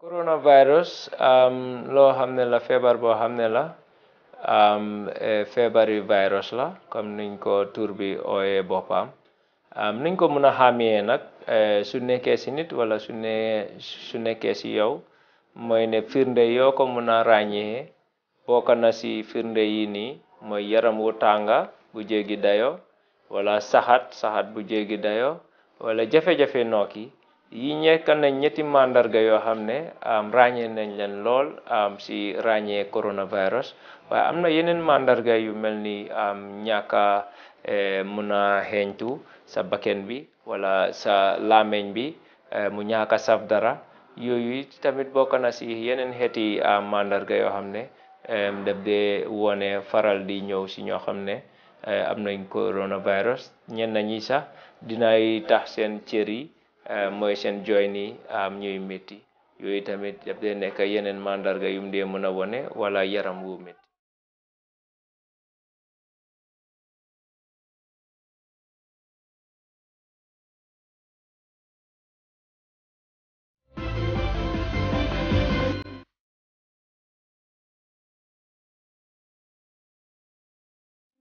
coronavirus um, loo xam ne la feebar boo xam ne la um, e feebar yu virus la comme niñ ko tur bi ooyee boppam um, niñ ko mën a xàmmee nag e su nekkee si nit wala su ne su nekkee si yow mooy ne firnde yoo ko mën a ràññee bokk na si firnde yi nii mooy yaram wu tànga bu jéggi dayo wala saxat saxat bu jéggi dayo wala jafe-jafe nokki yi ñekk nañ ñetti màndarga yoo xam ne ràññee nañ leen lool si ràññee coronavirus waa am na yeneen màndarga yu mel ni ñàkka a e, mun a xeeñtu sa bakken bi wala sa làmmiñ bi e, mu ñàkka a saf dara yooyu tamit bokk si yeneen xeeti màndarga yoo xam ne daf dee wone faral di ñëw si ñoo xam ne e, am nañ coronavirus ñenn ñi sax dinay tax seen cër yi. Euh, mooy seen jooy nii am ñuy métti yooyu tamit daf dee nekk yeneen mandarga yum de mën a wone wala yaram wu métti